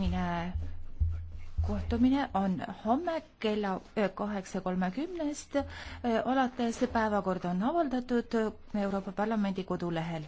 järgmine kohtumine on homme kella äh, kaheksa kolmekümnest äh, alates. päevakord on avaldatud Euroopa Parlamendi kodulehel